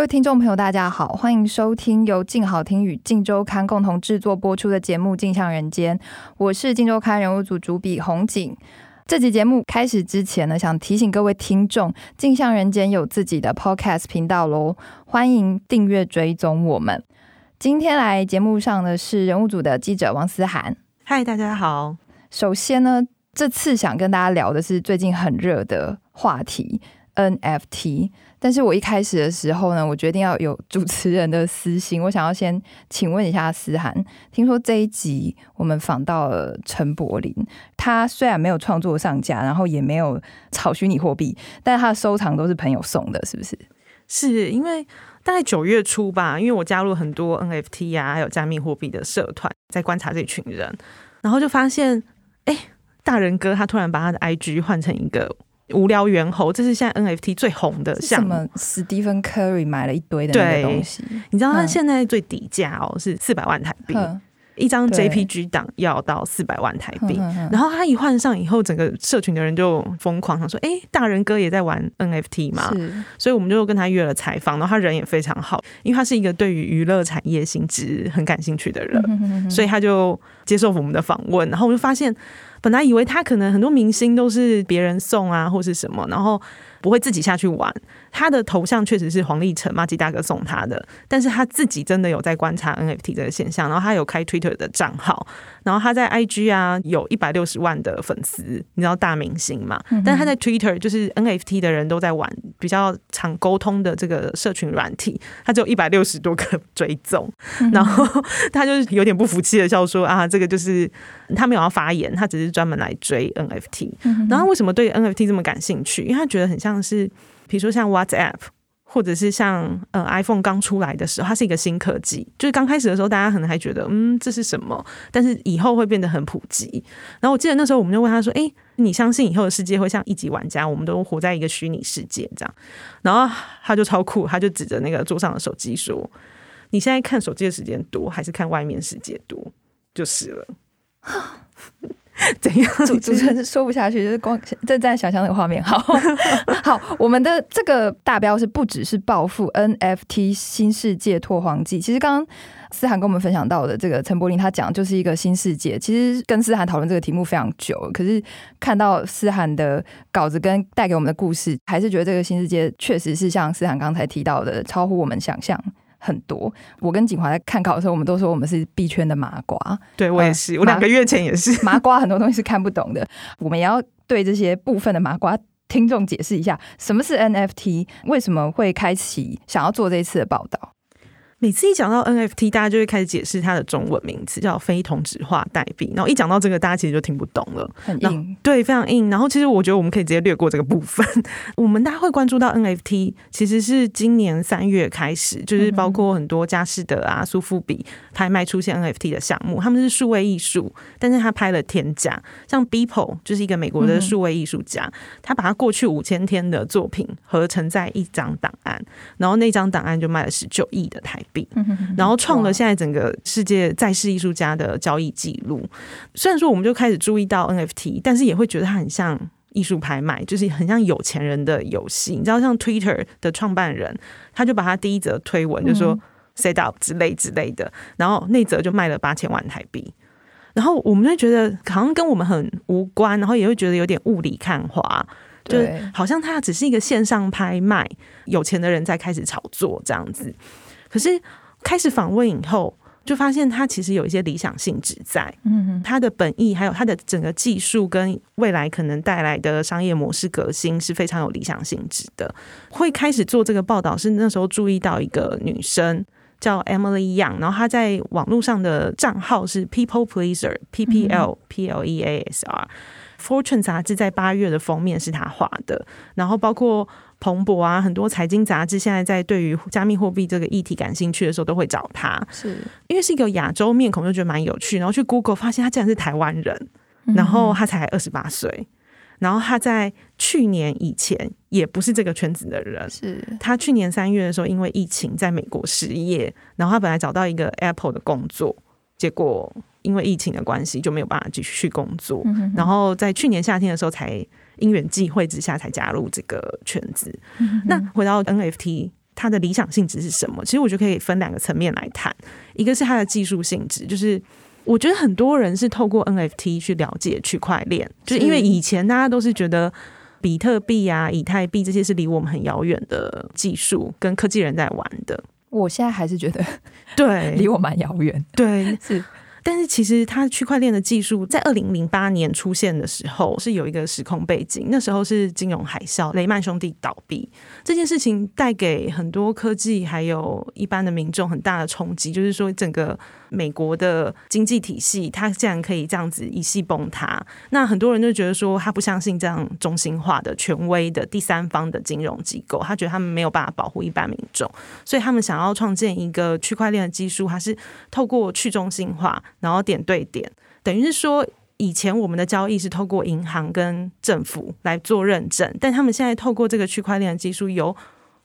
各位聽眾朋友，大家好，歡迎收聽由鏡好聽與鏡週刊共同製作播出的節目《鏡像人間》，我是鏡週刊人物組主筆洪景。這集節目開始之前呢，想提醒各位聽眾，《鏡像人間》有自己的 podcast 頻道嘍，歡迎訂閱追蹤我們。今天來節目上的是人物組的記者王思涵。嗨，大家好。首先呢，這次想跟大家聊的是最近很熱的話題 NFT。但是我一開始的時候呢，我決定要有主持人的私心。我想要先請問一下思涵，聽說這一集我們訪到了陳柏霖，他雖然沒有創作上架，然後也沒有炒虛擬貨幣，但他的收藏都是朋友送的，是不是？是因為大概九月初吧，因為我加入很多 NFT 啊，還有加密貨幣的社團，在觀察這群人，然後就發現，哎、欸，大仁哥他突然把他的 IG 換成一個。無聊猿猴，這是現在 NFT 最紅的項目。史蒂芬·柯瑞買了一堆的東西。對，你知道他現在最底價哦，哼是四百萬台幣，哼一張 JPG 檔要到四百萬台幣。哼哼哼然後他一換上以後，整個社群的人就瘋狂想說：“哎，大仁哥也在玩 NFT 嘛。”是所以我們就跟他約了採訪。然後他人也非常好，因為他是一個對於娛樂產業性質很感興趣的人，哼哼哼哼所以他就接受我們的訪問。然後我們就發現。本來以為他可能很多明星都是別人送啊，或是什麼，然後，不會自己下去玩，他的頭像確實是黃立成，麻吉大哥送他的。但是他自己真的有在觀察 NFT 這個現象，然後他有開 Twitter 的賬號，然後他在 IG 啊有一百六十萬的粉絲，你知道大明星嘛？但他在 Twitter 就是 NFT 的人都在玩比較常溝通的這個社群軟體，他就有一百六十多個追蹤，然後他就是有點不服氣的笑說啊，這個就是他沒有要發言，他只是專門來追 NFT。然後為什麼對 NFT 這麼感興趣？因為他覺得很像。像是比如說像 WhatsApp，或者是像呃 iPhone 剛出來的時候，它是一個新科技，就是剛開始的時候，大家可能還覺得嗯這是什麼，但是以後會變得很普及。然後我記得那時候我們就問他說：“哎、欸，你相信以後的世界會像一級玩家，我們都活在一個虛擬世界這樣？”然後他就超酷，他就指着那個桌上的手機說：“你現在看手機的時間多，還是看外面世界多？”就是了。 怎樣？主持人說不下去，就是光正在想象那個畫面。好好，我們的這個大標是不只是暴富，NFT 新世界拓荒記。其實剛剛思涵跟我們分享到的這個陳柏霖，他講就是一個新世界。其實跟思涵討論這個題目非常久了，可是看到思涵的稿子跟帶給我們的故事，還是覺得這個新世界確實是像思涵剛才提到的，超乎我們想象。很多，我跟景華在看稿的時候，我們都說我們是幣圈的麻瓜。對，我也是，嗯、我兩個月前也是麻，麻瓜，很多東西是看不懂的。 我們也要對這些部分的麻瓜聽眾解釋一下，什麼是 NFT，為什麼會開啟想要做這一次的報道。每次一講到 NFT，大家就會開始解釋它的中文名字叫非同質化代幣。然後一講到這個，大家其實就聽不懂了，很硬。對，非常硬。然後其實我覺得我們可以直接略過這個部分。我們大家會關注到 NFT，其實是今年三月開始，就是包括很多佳士得啊、蘇富比拍賣出現 NFT 的項目，他們是數位藝術，但是他拍了天價。像 Beeple 就是一個美國的數位藝術家，他把他過去五千天的作品合成在一張檔案，然後那張檔案就賣了十九億的台幣。然後創了現在整個世界在世藝術家的交易記錄。哇雖然說我們就開始注意到 NFT，但是也會覺得很像藝術拍賣，就是很像有錢人的遊戲。你知道，像 Twitter 的創辦人，他就把他第一則推文就是、說 “set up” 之類之類的，嗯、然後那則就賣了八千萬台幣。然後我們就覺得好像跟我們很無關，然後也會覺得有點霧裡看花，對就是好像它只是一個線上拍賣，有錢的人在開始炒作這樣子。可是開始訪問以後，就發現他其實有一些理想性質在。嗯，他的本意還有他的整個技術跟未來可能帶來的商業模式革新是非常有理想性質的。會開始做這個報道是那時候注意到一個女生叫 Emily Young，然後她在網絡上的賬號是 People Pleaser P P L P L E A S R。Fortune 雜誌在八月的封面是她畫的，然後包括。彭博啊，很多財經雜誌現在在對於加密貨幣這個議題感興趣的時候，都會找他，是因為是一個亞洲面孔，就覺得蠻有趣。然後去 Google 發現他竟然是台灣人，然後他才二十八歲，嗯、然後他在去年以前也不是這個圈子的人，是他去年三月的時候因為疫情在美國失業，然後他本來找到一個 Apple 的工作，結果。因為疫情的關係，就沒有辦法繼續去工作。嗯、哼然後在去年夏天的時候，才因緣際會之下才加入這個圈子。嗯、哼那回到 NFT，它的理想性質是什麼？其實我覺得可以分兩個層面來談。一個是它的技術性質，就是我覺得很多人是透過 NFT 去了解區塊鏈，是就是因為以前大家都是覺得比特幣啊、以太幣這些是離我們很遙遠的技術，跟科技人在玩的。我現在還是覺得，對，離我蠻遙遠。對， 是。但是其實，它區塊鏈的技術在二零零八年出現的時候是有一個時空背景。那時候是金融海嘯，雷曼兄弟倒閉這件事情帶給很多科技，還有一般的民眾很大的衝擊。就是說，整個美國的經濟體系它竟然可以這樣子一夕崩塌，那很多人就覺得說，他不相信這樣中心化的權威的第三方的金融機構，他覺得他們沒有辦法保護一般民眾，所以他們想要創建一個區塊鏈的技術，還是透過去中心化。然後點對點，等於是說，以前我們的交易是透過銀行跟政府來做認證，但他們現在透過這個區塊鏈技術，由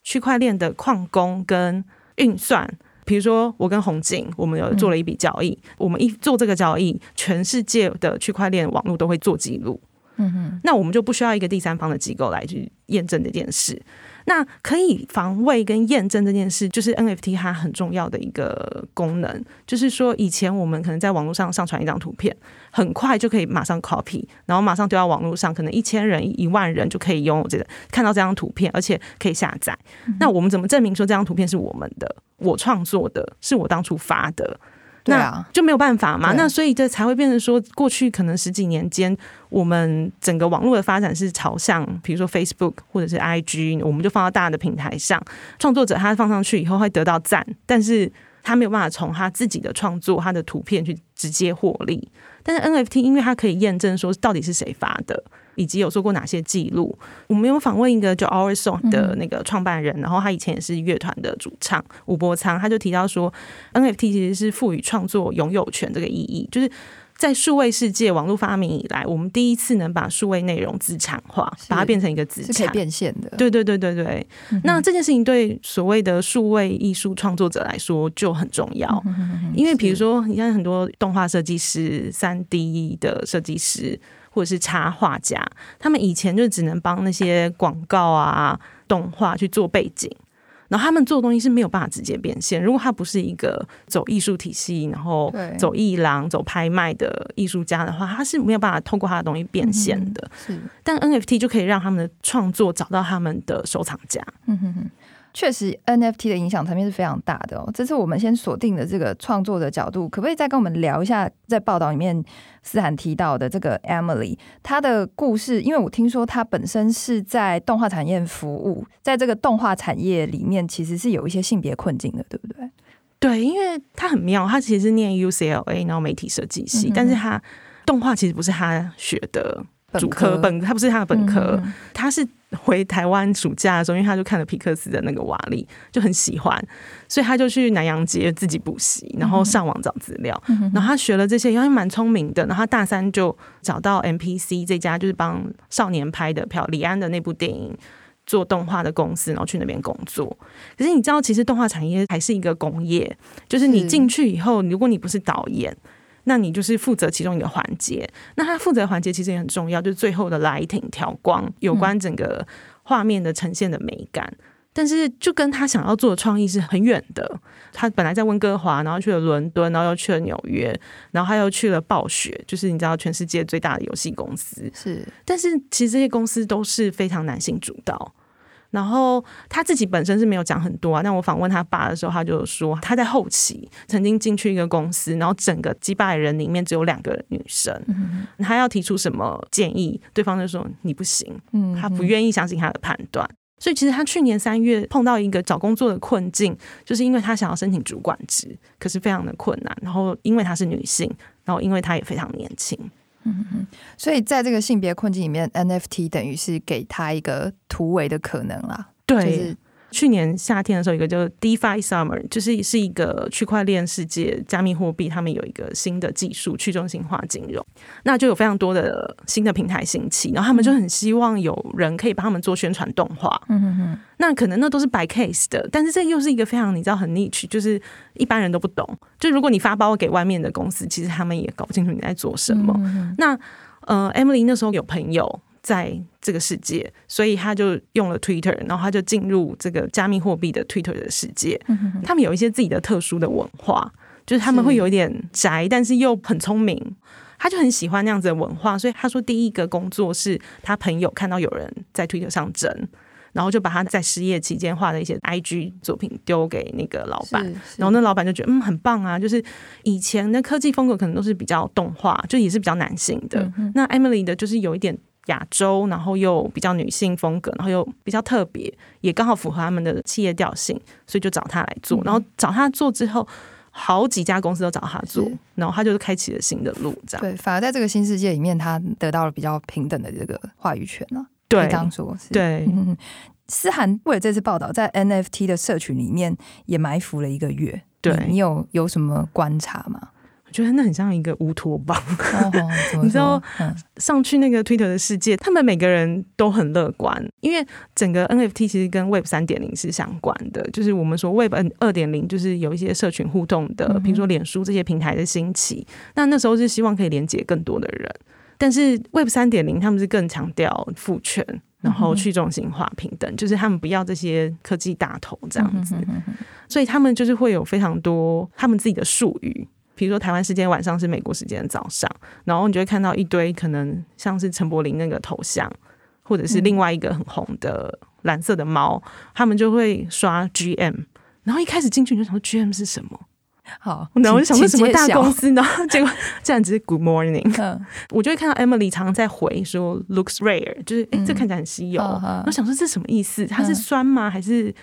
區塊鏈的礦工跟運算，比如說我跟洪景，我們有做了一筆交易，嗯、我們一做這個交易，全世界的區塊鏈網絡都會做記錄。嗯哼，那我們就不需要一個第三方的機構來去驗證這件事。那可以防衛跟驗證這件事，就是 NFT 它很重要的一個功能。就是說，以前我們可能在網絡上上傳一張圖片，很快就可以馬上 copy，然後馬上丟到網絡上，可能一千人、一萬人就可以擁有這個，看到這張圖片，而且可以下載。嗯哼。那我們怎麼證明說這張圖片是我們的？我創作的，是我當初發的。那就沒有辦法嘛，對啊、那所以這才會變成說，過去可能十幾年間，我們整個網絡的發展是朝向，比如說 Facebook 或者是 IG，我們就放到大的平台上，創作者他放上去以後會得到讚，但是。他沒有辦法從他自己的創作、他的圖片去直接獲利，但是 NFT 因為它可以驗證說到底是誰發的，以及有做過哪些記錄。我們有訪問一個叫 OurSong 的那個創辦人，嗯、哼然後他以前也是樂團的主唱吳柏蒼，他就提到說，NFT 其實是賦予創作擁有權這個意義，就是。在數位世界、網絡發明以來，我們第一次能把數位內容資產化，是把它變成一個資產，是可以變現的。對對對對對。嗯、哼那這件事情對所謂的數位藝術創作者來說就很重要，嗯、哼哼因為比如說，你看很多動畫設計師、三 D 的設計師或者是插畫家，他們以前就只能幫那些廣告啊、動畫去做背景。然後他們做的東西是沒有辦法直接變現。如果他不是一個走藝術體系，然後走藝廊、走拍賣的藝術家的話，他是沒有辦法透過他的東西變現的。嗯、但 NFT 就可以讓他們的創作找到他們的收藏家。嗯哼哼。確實，NFT 的影響層面是非常大的哦。這次我們先鎖定了這個創作的角度，可不可以再跟我們聊一下？在報道裡面，思涵提到的這個 Emily，她的故事，因為我聽說她本身是在動畫產業服務，在這個動畫產業裡面，其實是有一些性別困境的，對不對？對，因為她很妙，她其實是念 UCLA 然後媒體設計系，嗯、哼但是她動畫其實不是她學的。科主科本他不是他的本科，嗯、哼他是回台灣暑假的時候，因為他就看了皮克斯的那個瓦力，就很喜歡，所以他就去南陽街自己補習，然後上網找資料，嗯、哼然後他學了這些，因為蠻聰明的，然後他大三就找到 MPC 這家就是幫少年拍的票，比如李安的那部電影做動畫的公司，然後去那邊工作。可是你知道，其實動畫產業還是一個工業，就是你進去以後，如果你不是導演。那你就是負責其中一個環節，那他負責環節其實也很重要，就是最後的 lighting 調光，有關整個畫面的呈現的美感。嗯、但是就跟他想要做的創意是很遠的。他本來在溫哥華，然後去了倫敦，然後又去了紐約，然後他又去了暴雪，就是你知道全世界最大的遊戲公司是。但是其實這些公司都是非常男性主導。然後他自己本身是沒有講很多啊，但我訪問他爸的時候，他就說他在後期曾經進去一個公司，然後整個幾百人裡面只有兩個女生，嗯、哼他要提出什麼建議，對方就說你不行，他不願意相信他的判斷，嗯、哼所以其實他去年三月碰到一個找工作的困境，就是因為他想要申請主管職，可是非常的困難，然後因為他是女性，然後因為他也非常年輕。嗯嗯，所以在這個性別困境裡面，NFT 等於是給他一個突圍的可能啦。對。就是去年夏天的時候，一個叫 DeFi Summer，就是是一個區塊鏈世界、加密貨幣，他們有一個新的技術——去中心化金融，那就有非常多的新的平台興起，然後他們就很希望有人可以幫他們做宣傳動畫。嗯嗯嗯。那可能那都是白 case 的，但是這又是一個非常你知道很 niche，就是一般人都不懂。就如果你發包給外面的公司，其實他們也搞不清楚你在做什麼。嗯、哼那呃，Emily 那時候有朋友。在這個世界，所以他就用了 Twitter，然後他就進入這個加密貨幣的 Twitter 的世界。嗯、哼他們有一些自己的特殊的文化，就是他們會有一點宅，是但是又很聰明。他就很喜歡那樣子的文化，所以他說第一個工作是他朋友看到有人在 Twitter 上整，然後就把他在失業期間畫的一些 IG 作品丟給那個老闆，是是然後那老闆就覺得嗯很棒啊，就是以前的科技風格可能都是比較動畫，就也是比較男性的。嗯、哼那 Emily 的就是有一點。亞洲，然後又比較女性風格，然後又比較特別，也剛好符合他們的企業調性，所以就找他來做。嗯、然後找他做之後，好幾家公司都找他做，是然後他就是開啟了新的路，這樣。對，反而在這個新世界裡面，他得到了比較平等的這個話語權了、啊、對，這樣對、嗯。思涵為了這次報道，在 NFT 的社群裡面也埋伏了一個月。對，你，你有有什麼觀察嗎？覺得那很像一個烏托邦，你知道，上去那個 Twitter 的世界，他們每個人都很樂觀，因為整個 NFT 其實跟 Web 三點零是相關的。就是我們說 Web 二點零，就是有一些社群互動的，比如說臉書這些平台的興起。嗯、哼那那時候是希望可以連接更多的人，但是 Web 三點零，他們是更強調賦權，然後去中心化、平等，就是他們不要這些科技大頭這樣子。所以他們就是會有非常多他們自己的術語。比如說台灣時間晚上是美國時間早上，然後你就會看到一堆可能像是陳柏霖那個頭像，或者是另外一個很紅的藍色的貓，嗯、他們就會刷 GM，然後一開始進去你就想說 GM 是什麼？好，然後就想說什麼大公司呢？然後結果竟然只是 Good Morning。嗯、我就會看到 Emily 常常在回說 Looks rare，就是、欸嗯、這看起來很稀有，我、嗯、想說這什麼意思？它是酸嗎？嗯、還是？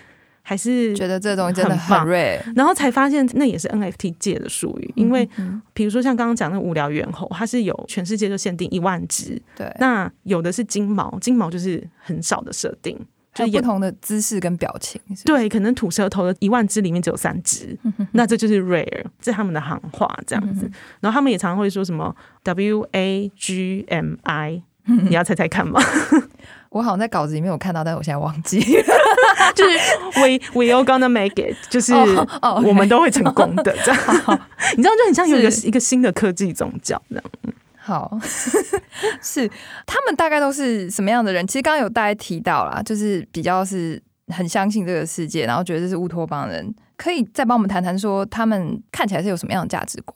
還是覺得這種真的很 rare，然後才發現那也是 NFT 界的術語，嗯、哼因為比如說像剛剛講的無聊猿猴，它是有全世界就限定一萬隻，對，那有的是金毛，金毛就是很少的設定，就不同的姿勢跟表情，是不是？對，可能吐舌頭的一萬隻裡面只有三隻，嗯、哼哼那這就是 rare，這是他們的行話這樣子，然後他們也常常會說什麼 W A G M I。你要猜猜看嗎？我好像在稿子裡面有看到，但我現在忘記。 就是 we we all gonna make it， 就是 Oh, oh, okay. 我們都會成功的， 好好這樣。你知道，就很像有一個是一個新的科技宗教這樣。好， 是他們大概都是什麼樣的人？其實剛剛有大家提到啦，就是比較是很相信這個世界，然後覺得這是烏托邦人。可以再幫我們談談說，說他們看起來是有什麼樣的價值觀？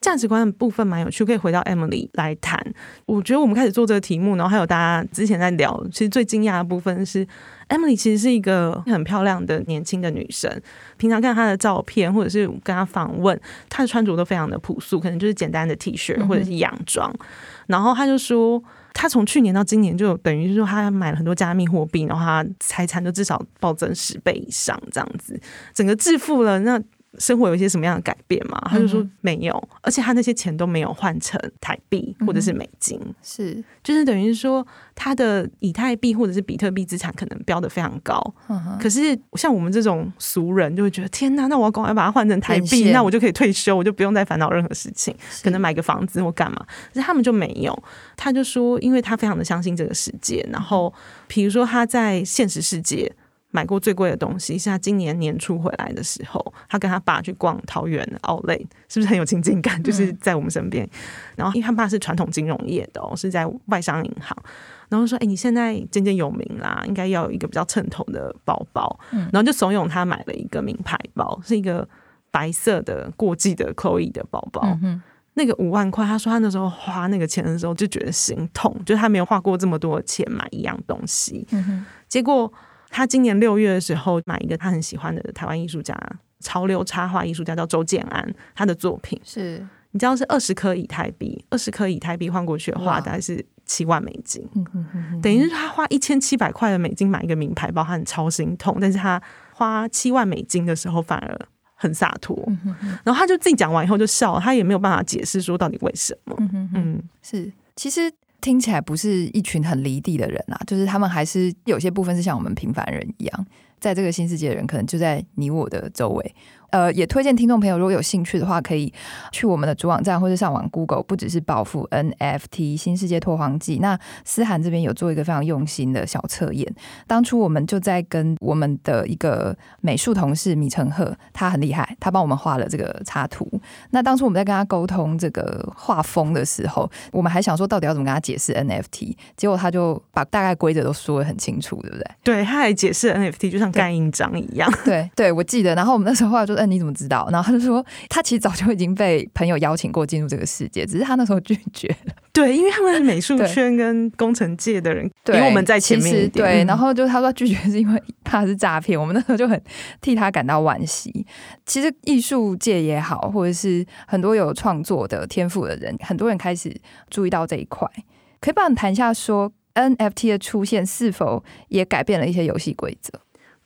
價值觀的部分蠻有趣，可以回到 Emily 來談。我覺得我們開始做這個題目，然後還有大家之前在聊，其實最驚訝的部分是，Emily 其實是一個很漂亮的年輕的女生。平常看她的照片，或者是跟她訪問，她的穿着都非常的樸素，可能就是簡單的 T 恤，或者是洋裝。嗯、哼然後她就說，她從去年到今年就，等就等於是說她買了很多加密貨幣，然後她財產就至少暴增十倍以上，這樣子，整個致富了。嗯、那生活有一些什麼樣的改變嗎？他就說沒有，嗯、哼而且他那些錢都沒有換成台幣或者是美金，嗯、是就是等於說他的以太幣或者是比特幣資產可能飆得非常高，嗯、哼可是像我們這種俗人就會覺得天哪、啊，那我要趕快把它換成台幣，現現那我就可以退休，我就不用再煩惱任何事情，是可能買個房子或幹嘛。可是他們就沒有，他就說，因為他非常的相信這個世界，然後比如說他在現實世界。買過最貴的東西是他今年年初回來的時候，他跟他爸去逛桃園奧萊，是不是很有親近感？就是在我們身邊。嗯、然後，因為他爸是傳統金融業的、哦，是在外商銀行。然後說：“哎，你現在漸漸有名啦，應該要有一個比較稱頭的包包。嗯”然後就慫恿他買了一個名牌包，是一個白色的過季的 Chloe 的包包。嗯、哼那個五萬塊，他說他那時候花那個錢的時候就覺得心痛，就是他沒有花過這麼多錢買一樣東西。嗯、哼結果。他今年六月的時候買一個他很喜歡的台灣藝術家，潮流插畫藝術家叫周建安，他的作品是，你知道是二十顆以太幣，二十顆以太幣換過去的話，大概是七萬美金。哇等於是他花一千七百塊的美金買一個名牌包，他很超心痛。但是他花七萬美金的時候反而很灑脫。嗯、哼哼然後他就自己講完以後就笑了，他也沒有辦法解釋說到底為什麼。嗯，哼哼嗯，是其實。聽起來不是一群很離地的人啊，就是他們還是有些部分是像我們平凡人一樣，在這個新世界的人可能就在你我的周圍。呃，也推薦聽眾朋友，如果有興趣的話，可以去我們的主網站，或者上網 Google 不只是暴富 NFT 新世界拓荒記。那思涵這邊有做一個非常用心的小測驗。當初我們就在跟我們的一個美術同事米成赫，他很厲害，他幫我們畫了這個插圖。那當初我們在跟他溝通這個畫風的時候，我們還想說到底要怎麼跟他解釋 NFT，結果他就把大概規則都說得很清楚，對不對？對，他還解釋 NFT 就像蓋印章一樣。對，對，對我記得。然後我們那時候畫就。嗯，你怎麼知道？然後他就說，他其實早就已經被朋友邀請過進入這個世界，只是他那時候拒絕了。對，因為他們美術圈跟工程界的人比我們在前面對對，然後就他說他拒絕是因為他是詐騙。我們那時候就很替他感到惋惜。其實藝術界也好，或者是很多有創作的天賦的人，很多人開始注意到這一塊。可以幫你談一下說說 NFT 的出現是否也改變了一些遊戲規則？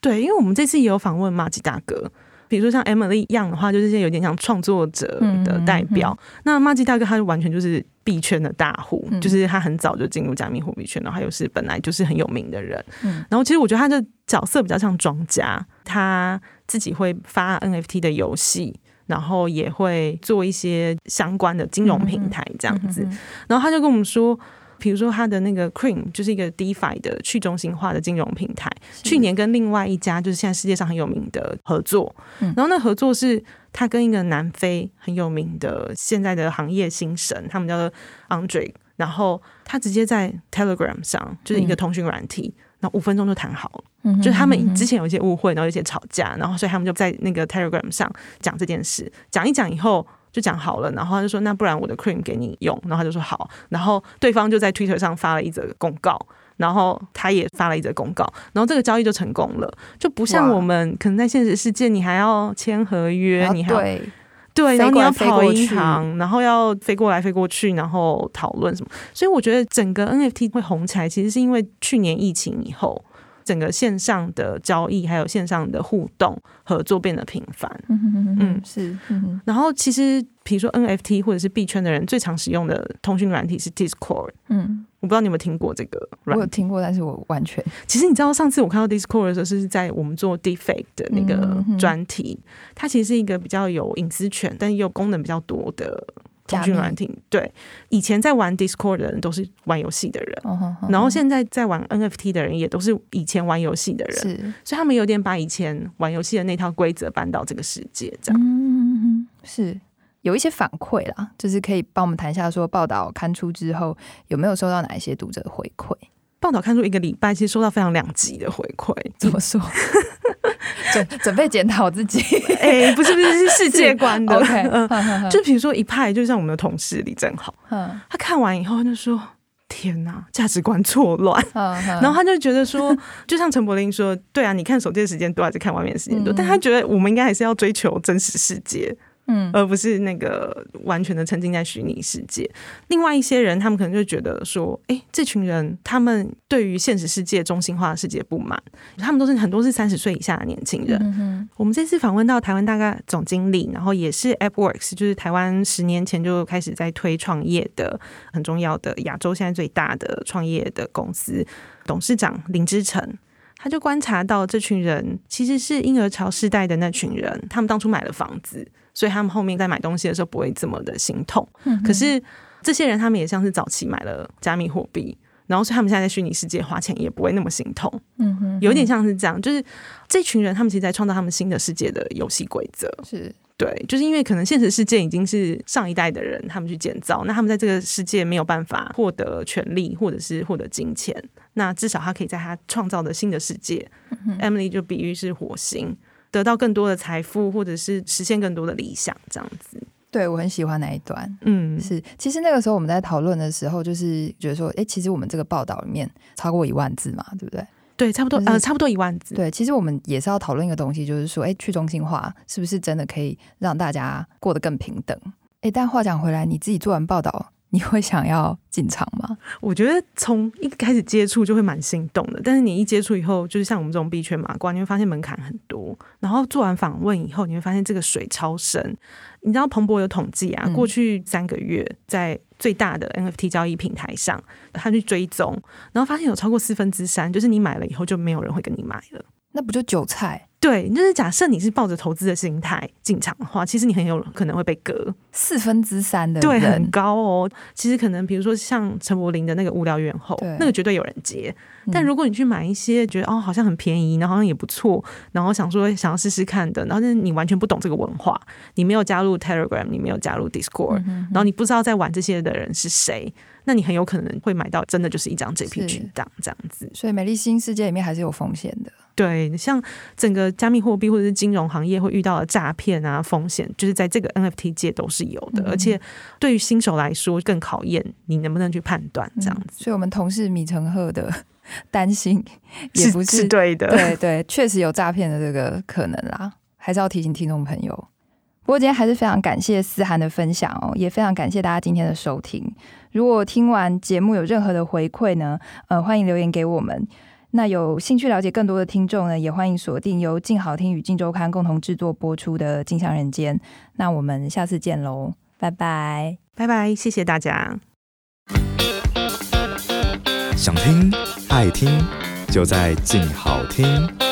對，因為我們這次也有訪問馬吉大哥。比如說像 Emily 一樣的話，就是有點像創作者的代表。嗯嗯嗯、那麻吉大哥他就完全就是幣圈的大戶，嗯、就是他很早就進入加密貨幣圈，然後他又是本來就是很有名的人。嗯、然後其實我覺得他的角色比較像莊家，他自己會發 NFT 的遊戲，然後也會做一些相關的金融平台這樣子。嗯嗯嗯嗯嗯、然後他就跟我們說。比如說，他的那個 Cream 就是一個 DeFi 的去中心化的金融平台。是的。去年跟另外一家就是現在世界上很有名的合作，嗯、然後那合作是他跟一個南非很有名的現在的行業新神，他們叫做 Andre。然後他直接在 Telegram 上就是一個通訊軟體，嗯、然後五分鐘就談好了。嗯哼嗯哼，就是他們之前有一些誤會，然後有一些吵架，然後所以他們就在那個 Telegram 上講這件事，講一講以後。就講好了，然後他就說，那不然我的 cream 給你用，然後他就說好，然後對方就在 Twitter 上發了一則公告，然後他也發了一則公告，然後這個交易就成功了，就不像我們哇可能在現實世界你還要簽合約，要對你還對，然後你要跑銀行，然後要飛過來飛過去，然後討論什麼，所以我覺得整個 NFT 會紅起來，其實是因為去年疫情以後。整個線上的交易還有線上的互動合作變得頻繁，嗯是，嗯然後其實比如說 NFT 或者是幣圈的人最常使用的通訊軟體是 Discord，嗯，我不知道你有沒有聽過這個軟體，我有聽過，但是我完全。其實你知道上次我看到 Discord 的時候是在我們做 Deepfake 的那個專題，嗯嗯、它其實是一個比較有隱私權但又功能比較多的。對，以前在玩 Discord 的人都是玩遊戲的人，oh, oh, oh, oh. 然後現在在玩 NFT 的人也都是以前玩遊戲的人，是，所以他們有點把以前玩遊戲的那套規則搬到這個世界，這樣，是有一些反饋啦，就是可以幫我們談一下，說報道刊出之後有沒有收到哪一些讀者的回饋？報道刊出一個禮拜，其實收到非常兩極的回饋，怎麼說？ 準準備檢討自己，哎、 欸，不是不是是世界觀的，就比如說一派，就像我們的同事李正豪，呵他看完以後就說：“天哪、啊，價值觀錯亂。呵呵”然後他就覺得說，就像陳柏霖說：“對啊，你看手機的時間多還是看外面的時間多？”嗯、但他覺得我們應該還是要追求真實世界。嗯，而不是那個完全的沉浸在虛擬世界。另外一些人，他們可能就覺得說，哎、欸，這群人他們對於現實世界中心化的世界不滿。他們都是很多是三十歲以下的年輕人。嗯、哼我們這次訪問到台灣，大概總經理，然後也是 AppWorks，就是台灣十年前就開始在推創業的很重要的亞洲現在最大的創業的公司董事長林之成，他就觀察到這群人其實是嬰兒潮世代的那群人，他們當初買了房子。所以他們後面在買東西的時候不會這麼的心痛。嗯、哼可是這些人，他們也像是早期買了加密貨幣，然後所以他們現在在虛擬世界花錢也不會那麼心痛。嗯哼，有一點像是這樣，就是這群人他們其實在創造他們新的世界的遊戲規則。是對，就是因為可能現實世界已經是上一代的人他們去建造，那他們在這個世界沒有辦法獲得權利或者是獲得金錢，那至少他可以在他創造的新的世界。嗯、哼 Emily 就比喻是火星。得到更多的財富，或者是實現更多的理想，這樣子。對，我很喜歡那一段。嗯，是。其實那個時候我們在討論的時候，就是覺得說，哎、欸，其實我們這個報道裡面超過一萬字嘛，對不對？對，差不多，就是、呃，差不多一萬字。對，其實我們也是要討論一個東西，就是說，哎、欸，去中心化是不是真的可以讓大家過得更平等？哎、欸，但話講回來，你自己做完報道。你會想要進場嗎？我覺得從一開始接觸就會蠻心動的，但是你一接觸以後，就是像我們這種幣圈麻瓜，你會發現門檻很多。然後做完訪問以後，你會發現這個水超深。你知道彭博有統計啊，過去三個月在最大的 NFT 交易平台上，他去追蹤，然後發現有超過四分之三，就是你買了以後就沒有人會跟你買了，那不就韭菜？對，就是假設你是抱着投資的心態進場的話，其實你很有可能會被割四分之三的人，對，很高哦。其實可能比如說像陳柏霖的那個無聊猿猴對那個絕對有人接。嗯、但如果你去買一些覺得哦好像很便宜，然後好像也不錯，然後想說想要試試看的，然後是你完全不懂這個文化，你沒有加入 Telegram，你沒有加入 Discord，、嗯、然後你不知道在玩這些的人是誰，那你很有可能會買到真的就是一張 JPG 檔是這樣子。所以美麗新世界裡面還是有風險的。對，像整個加密貨幣或者是金融行業會遇到的詐騙啊風險，就是在這個 NFT 界都是有的，嗯、而且對於新手來說更考驗你能不能去判斷這樣子。嗯、所以，我們同事米承赫的擔心也不是，是，是對的，對對，確實有詐騙的這個可能啦，還是要提醒聽眾朋友。不過今天還是非常感謝思涵的分享哦，也非常感謝大家今天的收聽。如果聽完節目有任何的回饋呢，呃，歡迎留言給我們。那有興趣了解更多的聽眾呢，也歡迎鎖定由鏡好聽與鏡週刊共同製作播出的《鏡像人間》。那我們下次見嘍，拜拜拜拜，謝謝大家。想聽愛聽，就在鏡好聽。